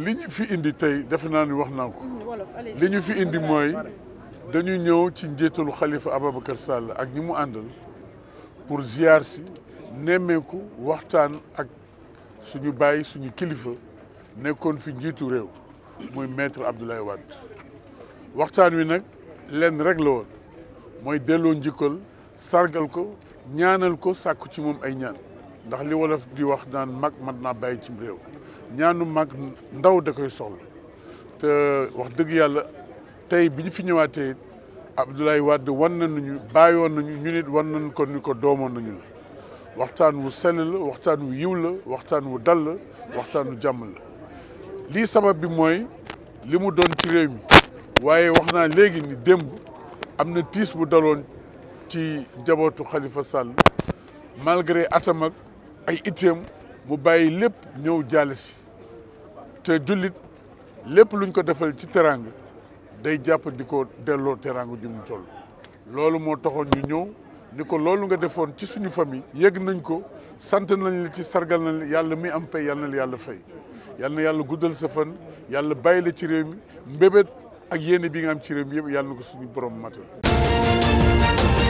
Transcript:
li ñu fi indi tey defe naa ni wax naa ko mm, li ñu fi indi mooy dañu ñëw ci njiitalu xalifa Ababacar Sall ak ñi mu àndal pour ziar si nemmeeku waxtaan ak suñu bàyyi suñu kilifa nekkoon fi njiitu réew muy maître Abdoulaye Wade waxtaan wi nag lenn rek la woon mooy delloo njikkal sargal ko ñaanal ko sàkku ci moom ay ñaan ndax li wolof di wax naan mag mat naa bàyyi ci réew ñaanu mag ndaw da koy soxla te wax dëgg yàlla tey bi ñu fi ñëwaatee Abdoulaye Wade wan nañu bàyyoon nañu ñu nit wan nañu ko ni ko doomoon nañu la waxtaan wu sell la waxtaan wu yiw la waxtaan wu dal la waxtaan wu jàmm la lii sabab bi mooy li mu doon ci réew mi waaye wax naa léegi ni démb am na tiis bu daloon ci njabootu Khalifa Sall malgré atam ak ay itteem mu bàyyi lépp ñëw jaale si te jullit lépp lu luñ ko defal ci teraanga day jàpp di ko delloo teraangu ju mu toll loolu moo taxoon ñu ñëw ni ko loolu nga defoon ci suñu famille yëg nañ ko sant nañ la ci sargal nañ la yàlla mi am pay yàlla na yàlla fay yàlla na yàlla guddal sa fan yàlla bàyyi la ci réew mi mbébét ak yéene bi nga am ci réew mi yëpp yàlla na ko suñu borom matal